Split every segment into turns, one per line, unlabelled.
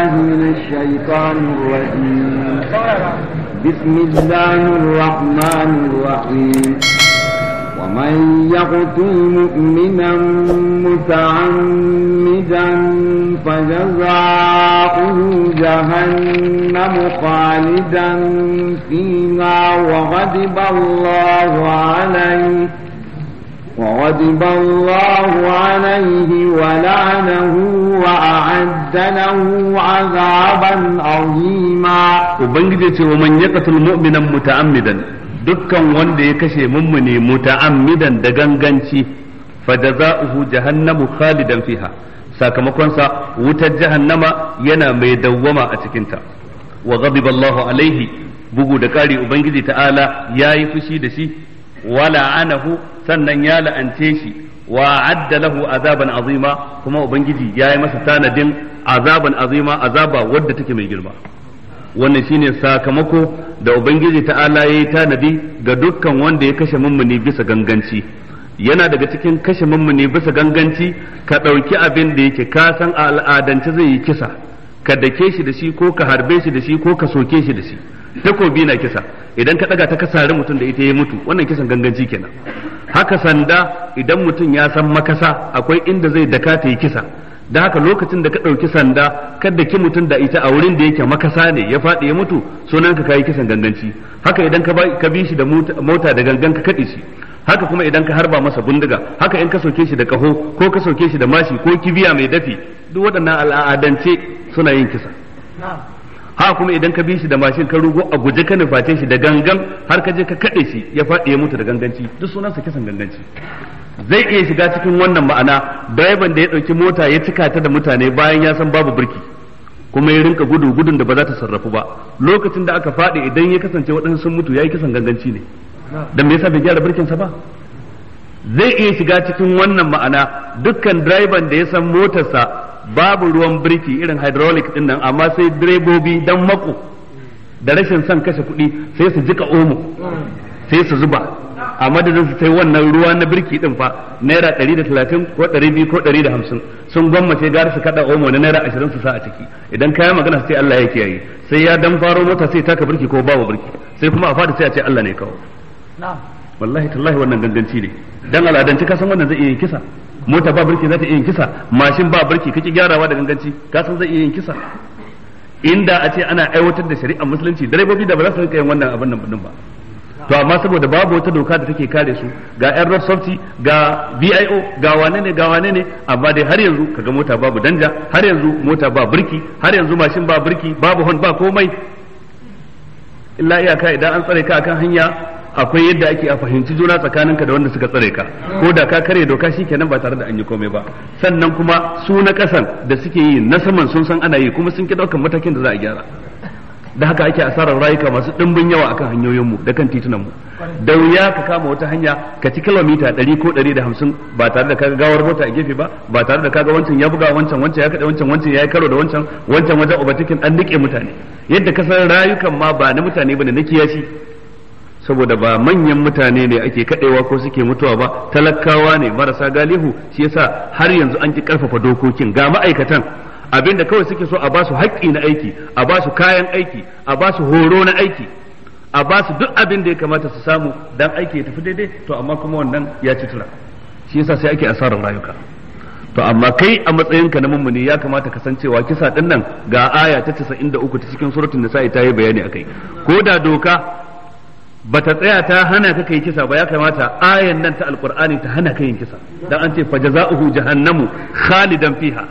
من الشيطان الرجيم بسم الله الرحمن الرحيم ومن يقتل مؤمنا متعمدا فجزاؤه جهنم خالدا فيها وغضب الله عليه وغضب الله عليه ولعنه وأعد له عذابا عظيما
وبنجد ومن يقتل مؤمنا متعمدا dukkan wanda ya kashe mummune muta'ammidan da ganganci fajaza'uhu jahannamu khalidan fiha sakamakonsa wutar jahannama yana mai dawwama a cikinta wa ghadiba Allahu alaihi bugu da ƙari ubangiji ta'ala yayi fushi da shi Wala anahu sannan ya la'ance shi wa adda lahu azaban azima kuma ubangiji ya yi masa tanadin azaban azima azaba wadda take mai girma wannan shine sakamako da ubangiji ta ya yi tanadi ga dukkan wanda ya kashe mummuni bisa ganganci yana daga cikin kashe mummuni bisa ganganci ka ɗauki abin da yake ka san a al'adance zai yi kisa ka dake shi da shi ko ka harbe shi da shi ko ka soke shi da shi takobi na kisa idan ka daga ta ka sari mutum da ita ya mutu wannan kisan ganganci kenan haka sanda idan mutum ya san makasa akwai inda zai daka ta yi kisa da haka lokacin da ka ɗauki sanda kada ki mutum da ita a wurin da yake makasa ne ya faɗi ya mutu sunan ka kayi kisan ganganci haka idan ka bi shi da mota da gangan ka kaɗe shi haka kuma idan ka harba masa bindiga haka in ka soke shi da kaho ko ka soke shi da mashi ko kibiya mai dafi duk waɗannan al'adance suna yin kisa ha kuma idan ka bi shi da mashin ka rugo a guje ka nuface shi da gangan har ka je ka kaɗe shi ya faɗi ya mutu da ganganci duk sa kisan ganganci zai iya shiga cikin wannan ma'ana direban da ya ɗauki mota ya cika ta da mutane bayan ya san babu birki kuma ya rinka gudu gudun da ba za ta sarrafu ba lokacin da aka faɗi idan ya kasance waɗansu sun mutu ya yi kisan ganganci ne dan me yasa bai gyara birkinsa ba zai iya shiga cikin wannan ma'ana dukkan direban da ya san motarsa babu ruwan birki irin hydraulic din nan amma sai direbobi dan mako da rashin son kashe kuɗi sai su jika omo sai su zuba a madadin su sai wannan ruwa na birki din fa naira 130 ko 200 ko 150 sun gwammace gara su kada omo na naira 20 su sa a ciki idan kaya magana sai Allah ya kiyaye sai ya dan faro mota sai taka birki ko babu birki sai kuma a fadi sai a ce Allah ne kawo wallahi tallahi wannan ganganci ne dan al'adanci ka san wannan zai iya kisa mota ba birki za ta iya yin kisa mashin ba birki kake gyarawa da ganganci ka san zai iya yin kisa inda a ce ana aiwatar da shari'ar musulunci direbobi da ba za su rika yin wannan abin nan ba to amma saboda babu wata doka da take kare su ga yan rafsafti ga bio ga wane ne ga wane ne amma dai har yanzu kaga mota babu danja har yanzu mota ba birki har yanzu mashin ba birki babu hon ba komai illa iyaka idan an tsare ka akan hanya akwai yadda ake a fahimci juna tsakaninka da wanda suka tsare ka ko da ka kare doka shikenan ba tare da an yi komai ba sannan kuma su na kasan da suke yi na saman sun san ana yi kuma sun ki daukan matakin da za a gyara da haka ake asarar rayuka masu dimbin yawa akan hanyoyinmu da kan titunanmu da wuya ka kama wata hanya ka ci kilomita 100 ko 150 ba tare da kaga gawar mota a gefe ba ba tare da kaga wancan ya buga wancan wancan ya kada wancan wancan ya yi karo da wancan wancan wajen ubatikin an nike mutane yadda kasar rayukan ma ba na mutane bane na kiyashi saboda ba manyan mutane ne ake kadewa ko suke mutuwa ba talakawa ne marasa galihu shi yasa har yanzu an ki karfafa dokokin ga ma'aikatan abinda kawai suke so a ba su haƙƙi na aiki a ba su kayan aiki a ba su horo na aiki a ba su duk abin da ya kamata su samu dan aiki ya tafi daidai to amma kuma wannan ya ci tura shi yasa sai ake asarar rayuka to amma kai a matsayinka na mummuni ya kamata ka san cewa kisa din nan ga aya ta 93 ta cikin suratul nisa'i ta yi bayani akai ko da doka bata tsaya ta hana ka kai kisa ba ya kamata ayan nan ta alqur'ani ta hana ka kisa dan an ce fa jazaohu jahannamu khalidan fiha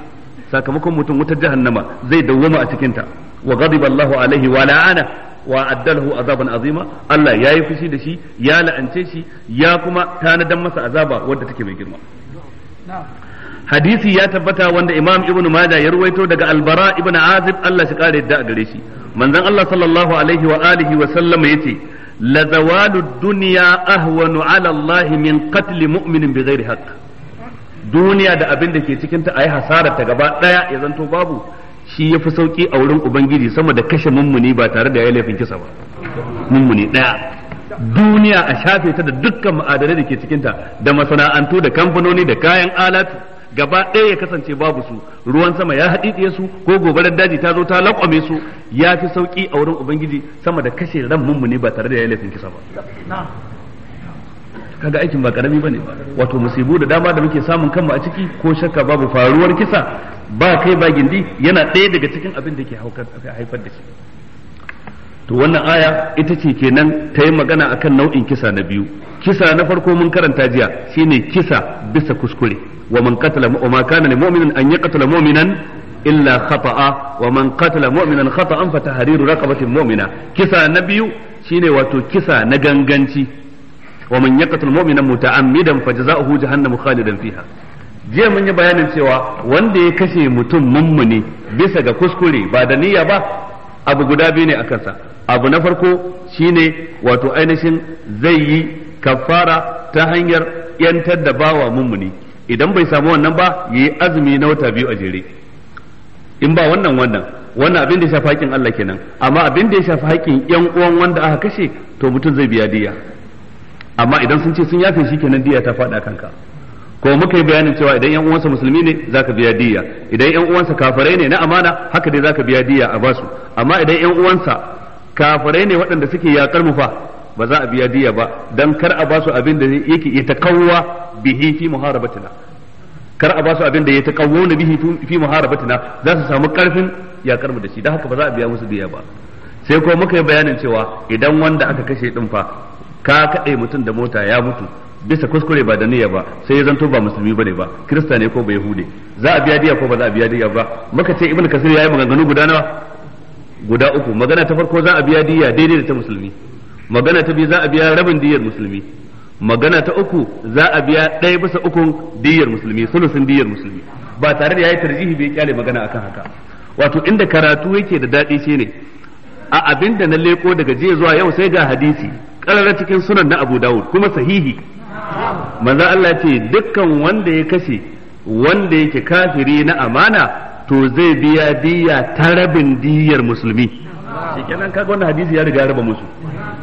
sakamakon mutum wutar jahannama zai dawwama a cikin ta wa ghadiba Allahu alaihi wa la'ana wa addalahu azaban azima Allah yayi fushi da shi ya la'ance shi ya kuma tanadan masa azaba wadda take mai girma hadisi ya tabbata wanda imam ibnu Maja ya ruwaito daga albara ibnu azib Allah shi kare da gare shi manzon Allah sallallahu alaihi wa alihi wa sallama yace la zawalu dunya ahwanu ala Allah min qatl mu'minin bi hak haqq duniya da abin da ke cikin ta ayi hasara ta gaba daya ya zanto babu shi yafi sauki a wurin ubangiji sama da kashe mummuni ba tare da ya laifin kisa ba mummuni daya duniya a shafe ta da dukkan ma'adanai da ke cikinta da masana'antu da kamfanoni da kayan alatu gaba ɗaya ya kasance babu su ruwan sama ya haɗiɗiye su ko gobarar daji ta zo ta laƙwame su ya fi sauƙi a wurin ubangiji sama da kashe ran ne ba tare da ya laifin kisa ba kaga aikin ba karami bane wato musibu da dama da muke samun kanmu a ciki ko shakka babu faruwar kisa ba kai ba gindi yana ɗaya daga cikin abin da ke haifar da shi to wannan aya ita ce kenan ta yi magana akan nau'in kisa na biyu kisa na farko mun karanta jiya shine kisa bisa kuskure wa man qatala wa ma kana lil mu'minin an yaqtala mu'minan illa khata'a wa man qatala mu'minan khata'an fa tahriru raqabatin mu'mina kisa na biyu shine wato kisa na ganganci wa man yaqtal mu'minan muta'ammidan fajza'uhu jahannamu khalidan fiha jiya mun yi bayanin cewa wanda ya kashe mutum mummuni bisa ga kuskure ba da niyya ba abu guda biyu ne a kansa abu na farko shine wato ainihin zai yi kafara ta hanyar yantar da bawa mummuni idan bai samu wannan ba yi azumi na wata biyu a jere in ba wannan wannan wannan abin da ya shafi haƙin Allah kenan amma abin da ya shafi haƙin yan uwan wanda aka kashe to mutum zai biya diya amma idan sun ce sun yafe shi kenan diya ta faɗa kanka ko muka yi bayanin cewa idan yan uwansa musulmi ne zaka biya diya idan yan uwansa kafirai ne na amana haka dai zaka biya diya a basu amma idan yan uwansa kafirai ne waɗanda suke yakar mu fa ba za a biya diya ba dan kar a basu abin da yake kawwa bihi fi muharabatina kar a basu abin da bihi fi muharabatina za su samu karfin yakar mu da shi dan haka ba za a biya musu diya ba sai kuma muka yi bayanin cewa idan wanda aka kashe din fa ka kaɗe mutum da mota ya mutu bisa kuskure ba da niyya ba sai ya zanto ba musulmi bane ba kirista ne ko ba yahude za a biya diya ko ba za a biya diya ba muka ce ibnu kasir yayi maganganu guda nawa guda uku magana ta farko za a biya diya daidai da ta musulmi magana ta biyu za a biya rabin diyar musulmi magana ta uku za a biya ɗaya bisa ukun diyar musulmi sulusun diyar musulmi ba tare da yayi tarjihi bai kyale magana akan haka wato inda karatu yake da daɗi ne a abin da na leko daga jiya zuwa yau sai ga hadisi ƙararra cikin sunan na Abu Dawud kuma sahihi maza Allah ce dukkan wanda ya kashe wanda yake kafiri na amana to zai biya diya ta rabin diyar musulmi shikenan kaga wannan hadisi ya riga ya raba musu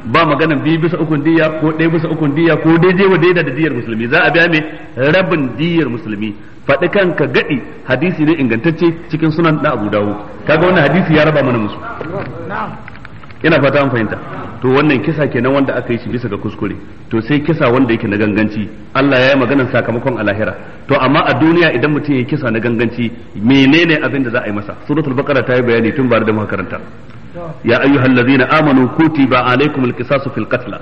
ba magana biyu bisa ukun diya ko ɗaya bisa ukun diya ko daidai wa daida da diyar musulmi za a biya mai rabin diyar musulmi faɗi kanka gaɗi hadisi ne ingantacce cikin sunan na abu dawo kaga wannan hadisi ya raba mana musu ina fata an fahimta to wannan kisa kenan wanda aka yi shi bisa ga kuskure to sai kisa wanda yake na ganganci Allah ya yi maganar sakamakon alahira to amma a duniya idan mutum ya kisa na ganganci menene abin da za a yi masa suratul baqara ta yi bayani tun ba da makaranta يا أيها الذين آمنوا كتب عليكم القصاص في القتلى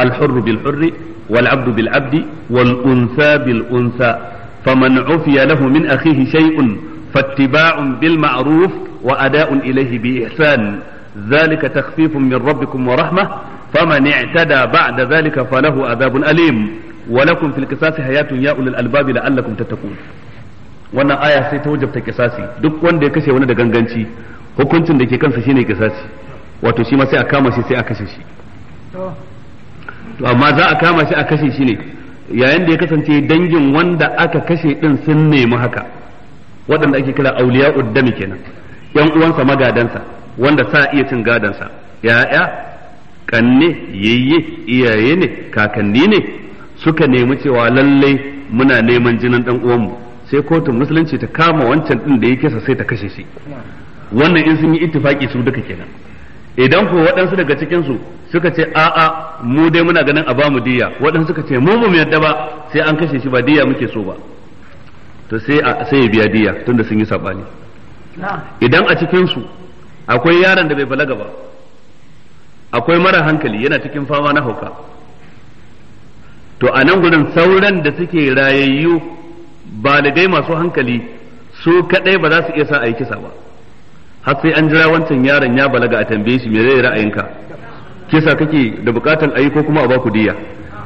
الحر بالحر والعبد بالعبد والأنثى بالأنثى فمن عفي له من أخيه شيء فاتباع بالمعروف وأداء إليه بإحسان ذلك تخفيف من ربكم ورحمة فمن اعتدى بعد ذلك فله عذاب أليم ولكم في القصاص حياة يا أولي الألباب لعلكم تتقون wannan aya sai ta wajabta kisasi duk wanda ya kashe wani da ganganci hukuncin da ke kansa shine kisasi wato shi ma sai a kama shi sai a kashe shi to amma za a kama shi a kashe shi ne yayin da ya kasance dangin wanda aka kashe din sun nemi haka waɗanda ake kira auliya uddami kenan yan uwansa magadansa wanda sa iya cin gadansa ya'ya kanne yayye iyaye ne kakanni ne suka nemi cewa lallai muna neman jinin dan uwanmu sai kotun musulunci ta kama wancan din da ya kisa sai ta kashe shi wannan in sun yi ittifaki su duka kenan idan ko waɗansu daga cikin su suka ce a'a mu dai muna ganin a bamu diya waɗansu suka ce mu mu yadda ba sai an kashe shi ba diya muke so ba to sai sai ya biya diya tunda sun yi sabani idan a cikin su akwai yaron da bai balaga ba akwai mara hankali yana cikin fama na hauka to a nan gudun sauran da suke rayayyu dai masu hankali su kadai ba za su iya sa a yi kisa ba har sai an jira wancan yaron ya balaga a tambaye shi me zai ra'ayinka kisa kake da bukatan ayi ko kuma a baku diya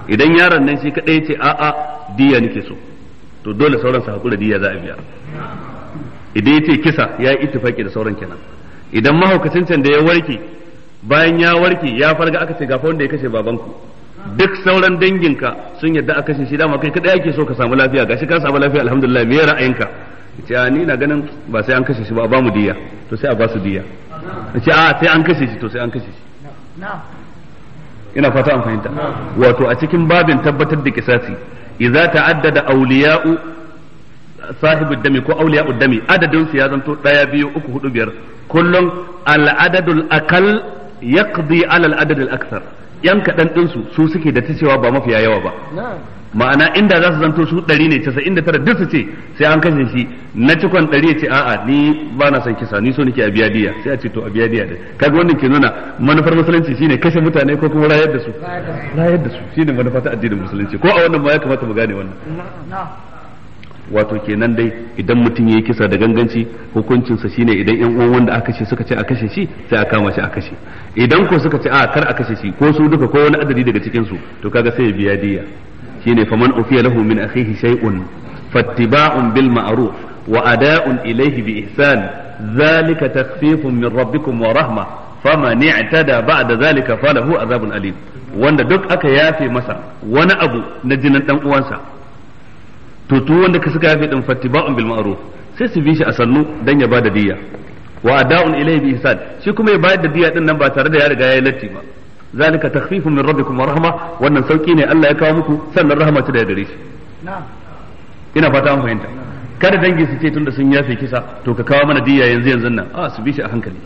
idan yaron nan shi kadai ce a'a diya nake so to dole sauran su hakura diya za a biya idan yace kisa ya yi ittifaki da sauran kenan idan mahaukacin can da ya warke bayan ya warke ya farga aka ce gafa wanda ya kashe babanku duk sauran danginka sun yadda a kashe shi dama kai kadai ake so ka samu lafiya gashi ka samu lafiya alhamdulillah me ra'ayinka ce a ni na ganin ba sai an kashe shi ba ba mu diya to sai a ba su diya ce a ah, sai an kashe shi to sai an kashe
shi
ina fata an fahimta wato a cikin babin tabbatar da kisasi idza ta'addada awliya'u sahibu dami ko awliya'u dami adadin su ya zanto daya biyu uku hudu biyar kullum al-adadul akal yaqdi ala al-adad al-akthar yan kadan din su su suke da ta cewa ba mafiya yawa ba ma'ana inda za su zanto su ɗari ne casa'in da tara duk su ce sai an kashe shi na cikon ɗari ya ce a'a ni ba na son kisa ni so nake a biya diya sai a ce to a biya diya da kaga wannan ke nuna manufar musulunci shine kashe mutane ko kuma rayar da su
rayar
da su shine manufa ta addinin musulunci ko a wannan ma ya kamata mu gane wannan wato kenan dai idan mutum ya yi kisa da ganganci hukuncinsa shine idan yan uwan wanda aka kashe suka ce a kashe shi sai a kama shi a kashe idan ko suka ce a kar a kashe shi ko su duka ko wani adadi daga cikin su to kaga sai ya biya diya shine faman ufiya lahu min akhihi shay'un fattiba'un bil ma'ruf wa ada'un ilayhi bi ihsan zalika takhfifun min rabbikum wa rahma faman i'tada ba'da zalika falahu azabun alim wanda duk aka yafe masa wani abu na jinin dan uwansa to tu wanda ka suka yafe din fattiba'un bil ma'ruf sai su bi shi a sannu dan ya bada diyya wa ada'un ilayhi bi ihsan shi kuma ya bada diya diyya din nan ba tare da ya riga ya latti ba zalika takhfifun min rabbikum wa rahma wannan sauki ne Allah ya kawo muku sannan rahama ta daga gare shi ina fata an fahimta kada dangi su ce tunda sun yafe kisa to ka kawo mana diya yanzu yanzu nan a ah, su bi shi a hankali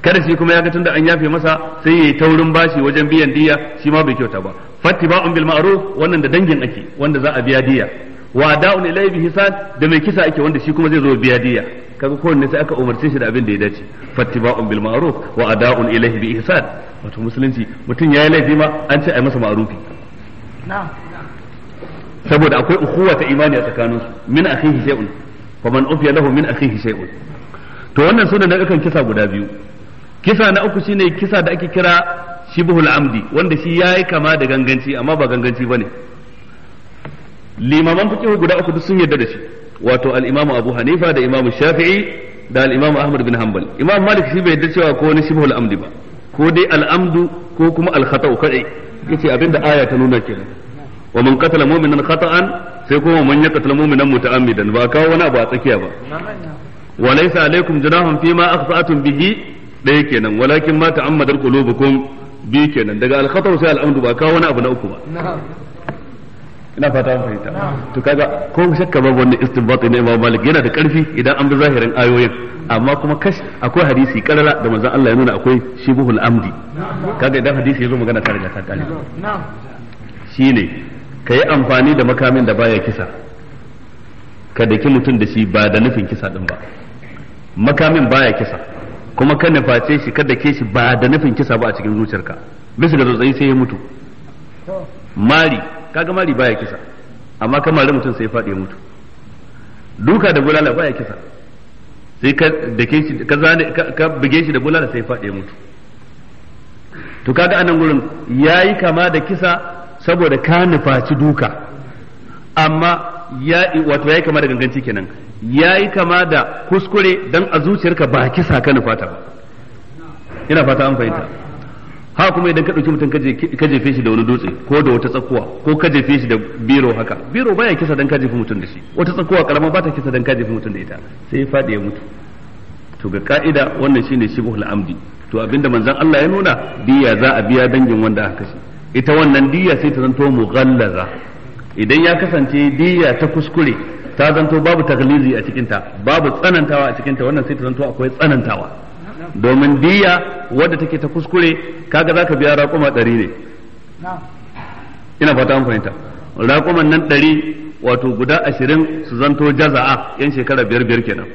kada shi kuma ya ga tunda an yafe masa sai yayi taurin bashi wajen biyan diya shi ma bai kyauta ba fattiba'un bil ma'ruf wannan da dangin ake wanda za a biya diya wa da'un ilayhi bi hisan da mai kisa ake wanda shi kuma zai zo biya diya kaga kowanne sai aka umarce shi da abin da ya dace fattiba'un bil ma'ruf wa ada'un ilayhi bi ihsan wato musulunci mutum yayi laifi ma an ce ai masa ma'rufi saboda akwai ukhuwa ta imani a tsakaninsu min akhihi shay'un fa man ufiya lahu min akhihi shay'un to wannan sunan da kan kisa guda biyu kisa na uku shine kisa da ake kira shibhul amdi wanda shi yayi kama da ganganci amma ba ganganci bane limaman fiqh guda uku duk sun yarda da shi wato al-imamu Abu Hanifa da imamu Shafi'i da al-imamu Ahmad bin Hanbal imam Malik shi bai yarda cewa ko wani shibhul amdi ba ko dai al-amdu ko kuma al-khata'u kadai yace abinda aya ta nuna kenan wa man qatala mu'minan khata'an sai kuma man yaqtala mu'minan muta'ammidan ba kawo wani abu a tsakiya ba wa laysa alaikum junahun fima akhta'tum bihi daya kenan walakin ma ta'ammadar qulubukum bi kenan daga al-khata'u sai al-amdu ba kawo wani abu na uku ba ina fata an fahimta to kaga ko shakka babu wannan istinbat ne Imam Malik yana da karfi idan an bi zahirin ayoyin amma kuma kash akwai hadisi karara da manzon Allah ya nuna akwai shibuhul amdi kaga idan hadisi yazo magana riga ta kakali shine kayi amfani da makamin da baya kisa ka daki mutum da shi ba da nufin kisa din ba makamin baya kisa kuma ka nuface shi ka dake shi ba da nufin kisa ba a cikin zuciyarka bisa ga tsotsai sai ya mutu mari kaga mari baya kisa amma kamar mutum sai faɗi ya mutu duka da bulala baya kisa sai ka ke shi ka zane ka bige shi da bulala sai faɗi ya mutu to kaga anan gurin yayi kama da kisa saboda ka nufaci duka amma ya wato yayi kama da ganganci kenan yayi kama da kuskure dan a zuciyarka ba kisa ka nufata ba ina fata an fahimta ha kuma idan ka ɗauki mutum ka jefe shi da wani dutse ko da wata tsakuwa ko ka jefe shi da biro haka biro baya kisa dan ka jefe mutum da shi wata tsakuwa karama ba ta kisa dan ka jefe mutum da ita sai ya faɗi ya mutu to ga ka'ida wannan shine shibhul amdi to abinda manzon Allah ya nuna diya za a biya dangin wanda aka kashe ita wannan diya sai ta zanto mughallaza idan ya kasance diya ta kuskure ta zanto babu taglizi a cikinta babu tsanantawa a cikinta wannan sai ta zanto akwai tsanantawa domin diya wadda take ta kuskure kaga zaka biya raƙuma ɗari ne ina fata an fahimta raƙuman nan ɗari wato guda ashirin su zanto jaza'a yan shekara biyar biyar kenan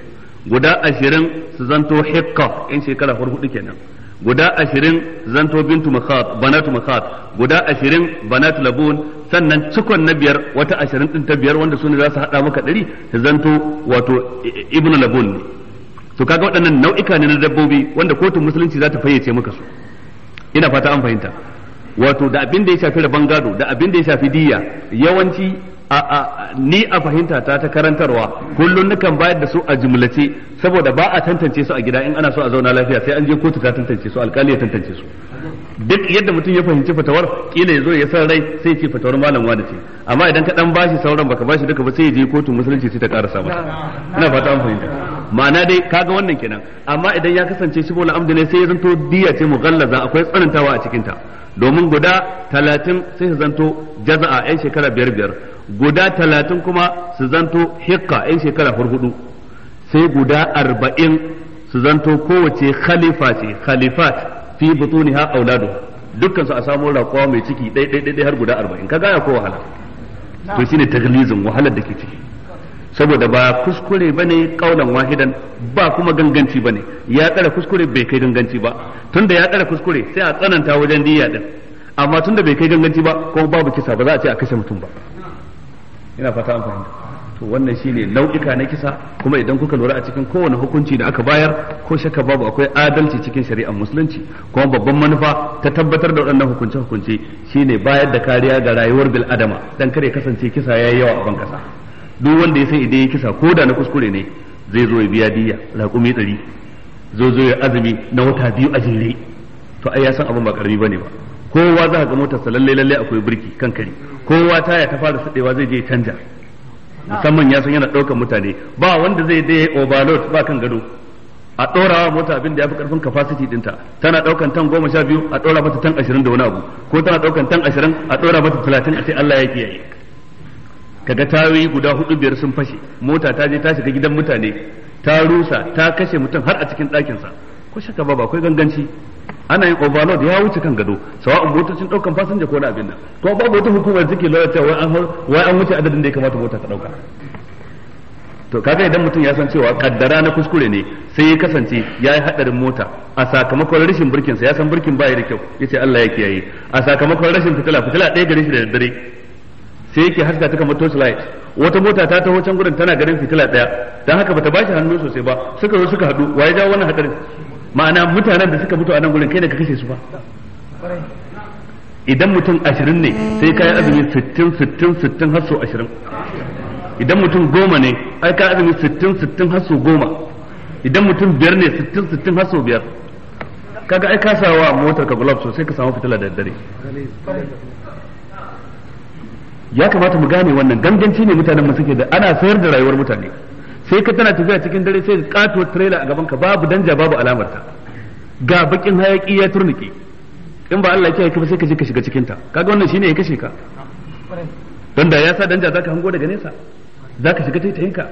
guda ashirin su zanto hikka yan shekara hudu kenan guda ashirin zanto bintu makhat banatu makhat guda ashirin banatu labun sannan cikon na biyar wata ashirin din ta biyar wanda su ne za su haɗa maka ɗari su zanto wato ibnu labun ne to kaga waɗannan nau'ika ne na dabbobi wanda kotun musulunci za ta fayyace maka su ina fata an fahimta wato da abin da ya shafi rabon gado da abin da ya shafi diya yawanci a ni a fahimta ta ta karantarwa kullun nukan bayar da su a jumlace saboda ba a tantance su a gida in ana so a zauna lafiya sai an je kotu ta tantance su alkali ya tantance su duk yadda mutum ya fahimci fatawar kila ya zo ya san rai sai ce fatawar malam wani ce amma idan ka dan bashi sauran baka bashi duka ba sai ya je kotu musulunci sai ta karasa masa ina fata an fahimta ma'ana dai kaga wannan kenan amma idan ya kasance shi bola amdu ne sai ya zanto diya ce mu mughallaza akwai tsanantawa a cikin ta domin guda talatin sai ya zanto jaza'a yan shekara biyar biyar guda talatin kuma su zanto hikka yan shekara hurhudu sai guda arba'in su zanto kowace khalifa ce khalifat fi ha auladu dukkan su a samu rakuwa mai ciki ɗai ɗai har guda arba'in ka gaya ko wahala to shine taglizin wahalar da ke ciki saboda ba kuskure ba ne ƙaunar wahidan ba kuma ganganci ba ne ya tsara kuskure bai kai ganganci ba tunda ya tsara kuskure sai a tsananta wajen diya din amma tunda bai kai ganganci ba kuma babu kisa ba za a ce a kashe mutum ba ina fata an fahimta to wannan shine nau'ika na kisa kuma idan kuka lura a cikin kowane hukunci da aka bayar ko shakka babu akwai adalci cikin shari'ar musulunci kuma babban manufa ta tabbatar da waɗannan hukunce hukunce shine bayar da kariya ga rayuwar bil adama dan kare kasance kisa yayi yawa a ban duk wanda ya san idan ya kisa ko da na kuskure ne zai zo ya biya diya raƙumi ɗari zo zo ya azumi na wata biyu a jere to ai ya san abin ba karami bane ba kowa za ka ga motarsa lalle lalle akwai birki kan kari kowa taya ta fara sadewa zai je canja musamman ya san yana ɗaukar mutane ba wanda zai dai overload ba kan gado a ɗorawa mota abin da ya fi ƙarfin capacity dinta tana ɗaukan tan goma sha biyu a ɗora mata tan ashirin da wani abu ko tana ɗaukan tan ashirin a ɗora mata talatin a ce Allah ya kiyaye kaga tayoyi guda hudu biyar sun fashe mota ta je ta shiga gidan mutane ta rusa ta kashe mutum har a cikin ɗakinsa ko shaka ba akwai ganganci ana yin overload ya wuce kan gado sawa'un motocin daukan fasinja ko na abin nan to babu wata hukumar take lawyer cewa wai an wuce adadin da ya kamata mota ta dauka to kaga idan mutum ya san cewa kaddara na kuskure ne sai ya kasance ya yi hadarin mota a sakamakon rashin birkin sa ya san birkin ba da kyau yace Allah ya kiyaye a sakamakon rashin fitila fitila ɗaya gare shi da daddare sai yake haska ta kamar torch light wata mota ta taho can gurin tana garin fitila ɗaya dan haka bata bashi hannu sosai ba suka zo suka hadu waye jawo wannan hadarin ma'ana mutanen da suka mutu a nan gurin kai da ka kashe su ba idan mutum ashirin ne sai kayan azumi sittin sittin sittin har sau ashirin idan mutum goma ne ai kayan azumi sittin sittin har sau goma idan mutum biyar ne sittin sittin har sau biyar kaga ai ka sawa motar ka gulab sosai ka samu fitila da daddare ya kamata mu gane wannan ganganci ne mutanen mu suke da ana sayar da rayuwar mutane sai ka tana tafiya cikin dare sai katuwar trailer a gaban ka babu danja babu alamarta ga bakin hayaki ya turnike in ba Allah ya kai ka sai ka je ka shiga cikin ta kaga wannan shine ya kashe ka don da ya sa danja zaka hango daga nesa zaka shiga tai tayinka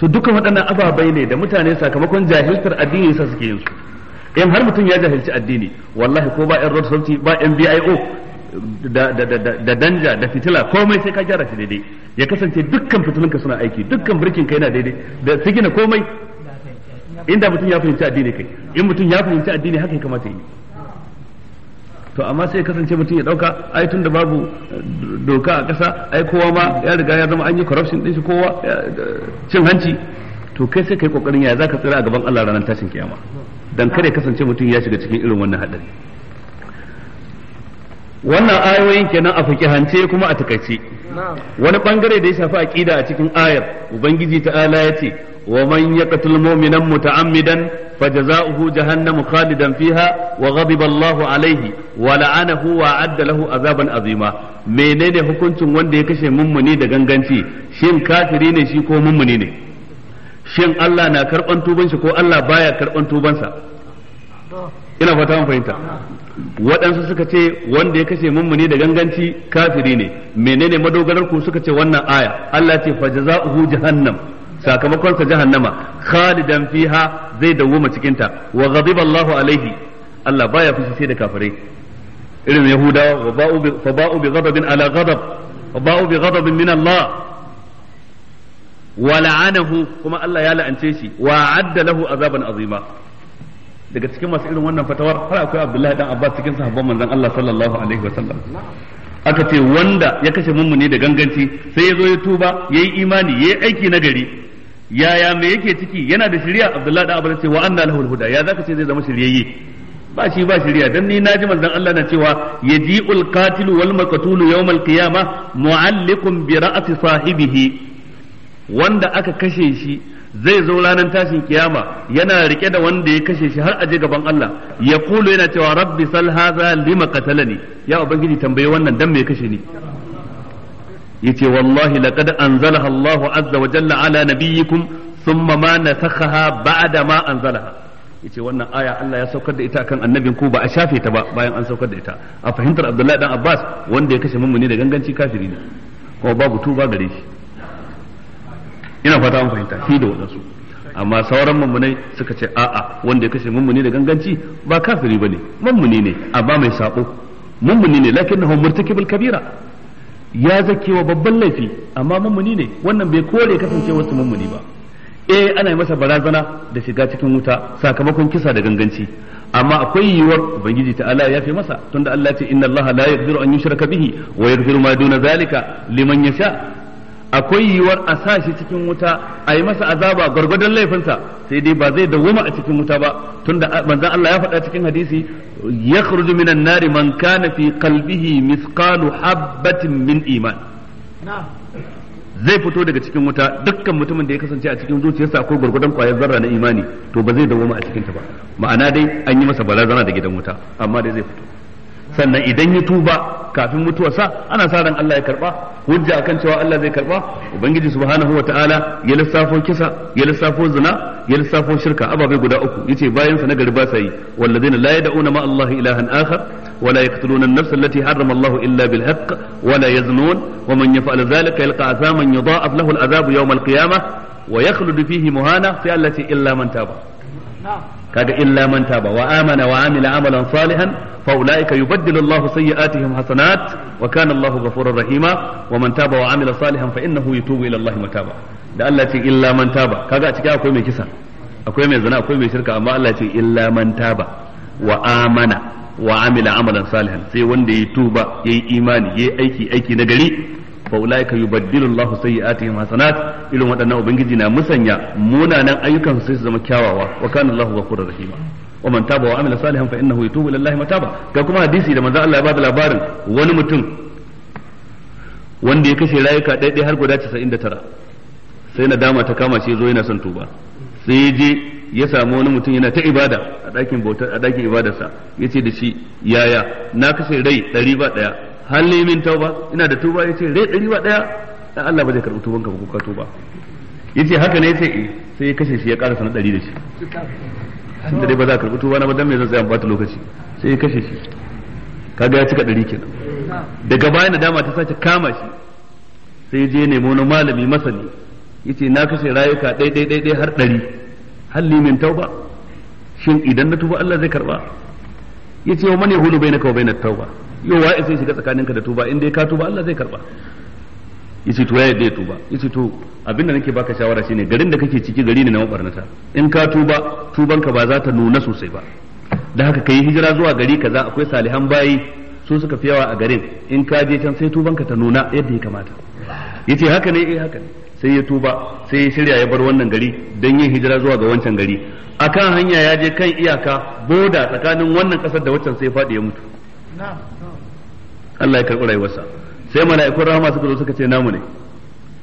to dukkan waɗannan ababai ne da mutane sakamakon jahiltar addini sa suke yin su in har mutum ya jahilci addini wallahi ko ba yan road ba yan BIO da danja da fitila komai sai ka gyara shi daidai ya kasance dukkan fitilunka suna aiki dukkan birkin ka yana daidai da sigina komai inda mutum ya fahimci addini kai in mutum ya fahimci addini haka ya kamata yi to amma sai kasance mutum ya dauka ai tun da babu eh, doka a ƙasa ai kowa ma ya riga ya zama an yi corruption din shi kowa eh, eh, cin hanci to kai sai kai kokarin ya zaka tsira a gaban Allah ranar tashin kiyama dan kare kasance mutum ya shiga cikin irin wannan hadari wannan ayoyin kenan a hance kuma a takaice wani bangare da ya shafi aqida a cikin ayar ubangiji ta'ala ya ce wa man yaqtul mu'minan muta'ammidan fajaza'uhu jahannamu khalidan fiha wa ghadiba Allahu alaihi wa la'anahu wa adda lahu azaban azima menene hukuncin wanda ya kashe mummuni da ganganci shin kafiri ne shi ko mummuni ne shin Allah na karban tuban shi ko Allah baya karban tubansa ina fata mun fahimta waɗansu suka ce wanda ya kashe mummuni da ganganci kafiri ne menene madogarar ku suka ce wannan aya Allah ce fa jazaohu jahannam sakamakon sa jahannama khalidan fiha zai dawoma cikin ta wa ghadiba Allahu alaihi Allah baya fushi sai da kafirai irin yahudawa wa ba'u bi fa ba'u bi ghadabin ala ghadab wa ba'u bi ghadabin min Allah wa la'anahu kuma Allah ya la'ance shi wa adda lahu azaban azima daga cikin masu irin wannan fatawar har akwai Abdullahi dan Abbas cikin sahabban manzon Allah sallallahu alaihi wasallam aka ce wanda ya kashe mummuni da ganganci sai ya zo ya tuba ya yi imani yayi aiki na gari yaya me yake ciki yana da shari'a Abdullahi dan Abbas ce wa anna lahul ya zaka ce zai zama shiryayye ba shi ba shari'a dan ni naji manzon Allah na cewa yaji'ul qatilu wal maqtulu yawmal qiyamah mu'alliqun bi ra'si sahibihi wanda aka kashe shi zai zo ranar tashin kiyama yana rike da wanda ya kashe shi har aje gaban Allah ya kulu yana cewa rabbi sal haza lima qatalani ya ubangiji tambaye wannan dan me kashe ni yace wallahi laqad anzalaha Allah azza wa jalla ala nabiyyikum thumma ma nasakhaha ba'da ma anzalaha yace wannan aya Allah ya saukar da ita kan annabin ku ba a shafe ta ba bayan an saukar da ita a fahimtar Abdullahi dan Abbas wanda ya kashe mummuni da ganganci kafiri ne kuma babu tuba gare shi
ina fata an fahimta shi da
wadansu amma sauran mummunai suka ce a'a wanda ya kashe mummuni da ganganci ba kafiri bane mummuni ne amma mai saƙo mummuni ne lakinnahu murtakibul kabira ya zakewa babban laifi amma mummuni ne wannan bai kore kasancewar su mummuni ba eh ana yi masa barazana da shiga cikin wuta sakamakon kisa da ganganci amma akwai yiwuwar ubangiji ta Allah ya fi masa tunda Allah ce inna Allah la yaghfiru an yushraka bihi wa yaghfiru ma duna zalika liman yasha akwai yiwuwar a sa shi cikin wuta a yi masa azaba gwargwadon laifinsa sai dai ba zai dawoma a cikin wuta ba tunda manzan Allah ya faɗa cikin hadisi yakhruju minan nari man kana fi qalbihi misqalu habatin min iman zai fito daga cikin wuta dukkan mutumin da ya kasance a cikin zuciyarsa akwai gwargwadon kwayar zarra na imani to ba zai dawoma a cikin ta ba ma'ana dai an yi masa barazana da gidan wuta amma dai zai fito sannan idan ya tuba kafin mutuwarsa ana sa ran Allah ya karba hujja akan cewa Allah zai karba ubangiji subhanahu wataala ya lissafo kisa ya lissafo zina ya lissafo shirka ababai guda uku yace bayan sa nagari ba sa yi wallazina la yad'una ma Allah ilahan akhar ولا يقتلون النفس التي حرم الله إلا بالحق ولا يزنون ومن يفعل ذلك يلقى عذابا يضاعف له العذاب يوم القيامة ويخلد فيه مهانا في التي إلا من تاب kaga illa man taba wa amana wa amila amalan salihan fa ulaika yubaddilu Allahu sayyi'atihim hasanat wa kana Allahu ghafurur rahima wa man taba wa amila salihan fa innahu yatubu ila Allahi mataba da Allah ce illa man taba kaga a cikin akwai mai kisa akwai mai zina akwai mai shirka amma Allah ce illa man taba wa amana wa amila amalan salihan sai wanda ya tuba yayi imani yayi aiki aiki na gari fa ulaika sai Allahu sayyi'atihim hasanat irin waɗannan ubangiji na musanya munanan ayyukan sai su zama kyawawa wa Allah Allahu ghafurur rahima. wa man taba wa amila salihan fa innahu yatubu ila Allahi mataba ga kuma hadisi da manzo Allah ya bada labarin wani mutum wanda ya kashe rayuka ɗaiɗai har guda 99 sai nadama ta kama shi zo yana son tuba sai ya je ya samu wani mutum yana ta ibada a ɗakin bautar a ɗakin ibadarsa ya ce da shi yaya na kashe rai ɗari ba ɗaya halli min tauba ina da tuba yace rai dari ba ɗaya dan Allah ba zai karɓi ka ba ko ka tuba yace haka ne yace eh. sai ya kashe shi ya ƙara sana ɗari da shi da dai ba za a karɓi tuba na ba dan me zan tsaya ba ta lokaci sai ya kashe shi kaga ya cika ɗari kenan daga baya na dama ta sace kama shi sai je nemo na malami masani yace na kashe rayuka ɗai ɗai ɗai har ɗari halli min tauba shin idan na tuba Allah zai karɓa yace wa man yahulu bainaka wa bainat tauba yau wa sai shiga tsakaninka da tuba in dai ka tuba Allah zai karba yace to ya yadda tuba yace to abinda nake baka shawara shine garin da kake ciki gari ne na mabarnata in ka tuba tubanka ba za ta nuna sosai ba da haka kai hijira zuwa gari kaza akwai salihan bayi su suka fi yawa a garin in ka je can sai tubanka ta nuna yadda ya kamata yace haka ne eh haka ne sai ya tuba sai ya shirya ya bar wannan gari don yin hijira zuwa ga wancan gari akan hanya ya je kan iyaka boda tsakanin wannan kasar da waccan sai faɗi ya mutu Allah ya karɓi rayuwarsa sai mala'ikun rahama suka zo suka ce namu ne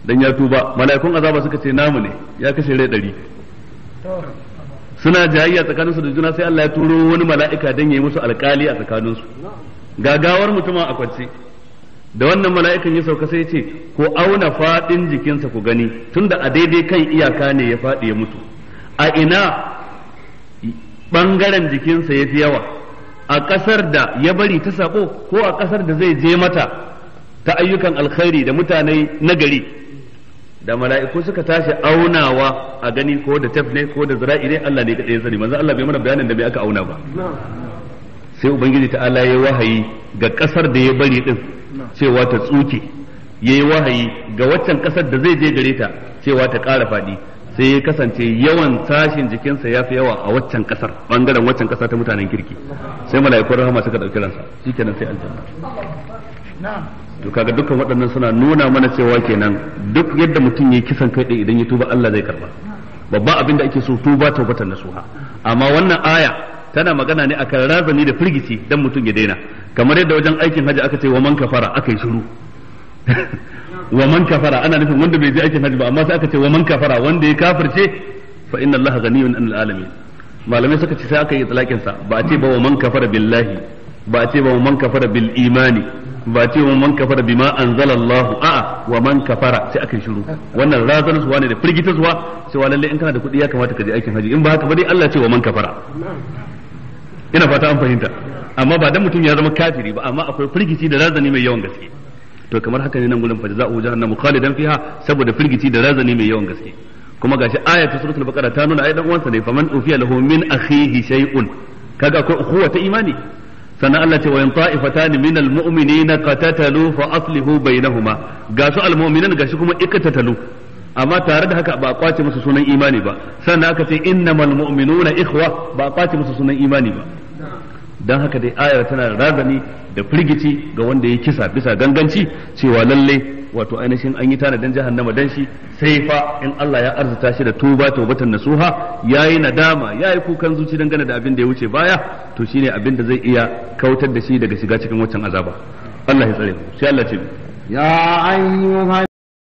dan ya tuba mala'ikun azaba suka ce namu ne ya kashe rai ɗari suna jayayya tsakaninsu da juna sai Allah ya turo wani mala'ika dan yayi musu alƙali a tsakaninsu gagawar mutuma a kwance da wannan mala'ikan ya sauka sai ya ce ko auna faɗin jikinsa ku gani tunda a daidai kan iyaka ne ya faɗi ya mutu a ina ɓangaren jikinsa ya fi yawa a ƙasar da ya bari ta sako ko a ƙasar da zai je mata ta ayyukan alkhairi da mutane nagari da mala'iku suka tashi aunawa a gani ko da tafne ko da zira'i ne Allah ne ya sani manzo Allah bai mana bayanin da bai aka auna ba sai ubangiji ta Allah ya wahayi ga ƙasar da ya bari din cewa ta tsuke yayi wahayi ga waccan ƙasar da zai je gare ta cewa ta ƙara faɗi sai ya kasance yawan sashin jikinsa ya fi yawa a waccan kasar bangaren waccan kasa ta mutanen kirki sai mala'ikun rahama suka ɗauki ransa kenan sai
aljanna
to kaga dukkan waɗannan suna nuna mana cewa kenan duk yadda mutum ya kisan kai ɗin idan ya tuba Allah zai karba babba abin da ake so tuba na nasuha amma wannan aya tana magana ne akan razani da firgici dan mutum ya daina kamar yadda wajen aikin haji aka ce wa man kafara aka yi shiru wa man kafara ana nufin wanda bai je aikin hajji ba amma sai aka ce wa man kafara wanda ya kafirce fa inna allaha ghaniyun anil alamin malamai suka ce sai aka yi talakin sa ba a ce ba wa man kafara billahi ba a ce ba wa man kafara bil imani ba a ce wa man kafara bima allahu a'a wa man kafara sai aka shiru wannan razan suwa ne da firgitar suwa cewa lalle in kana da kuɗi ya kamata ka je aikin hajji in ba haka ba dai Allah ce wa man kafara ina fata an fahimta amma ba dan mutum ya zama kafiri ba amma akwai firgici da razani mai yawan gaske to kamar haka ne nan gurin fa jaza'u jahannamu khalidan fiha saboda firgici da razani mai yawan gaske kuma gashi aya ta suratul baqara ta nuna ai dan uwansa ne faman ufiya lahu min akhihi shay'un kaga ko ukhuwa ta imani sannan Allah ce wa in ta'ifatan min almu'minina qatatalu fa aslihu bainahuma gasu almu'minan gashi kuma ikatatalu amma tare da haka ba a kwace musu sunan imani ba sannan aka ce innamal mu'minuna ikhwa ba a kwace musu sunan imani ba don haka dai ayar tana da razani da firgici ga wanda ya kisa bisa ganganci cewa lalle wato ainihin an yi tanadin jahannama dan shi sai fa in Allah ya arzuta shi da tuba tawbatan nasuha yayi nadama ya yi kukan zuci dangane da abin da ya wuce baya to shine abin da zai iya kautar da shi daga shiga cikin waccan azaba Allah ya ya
ayyuha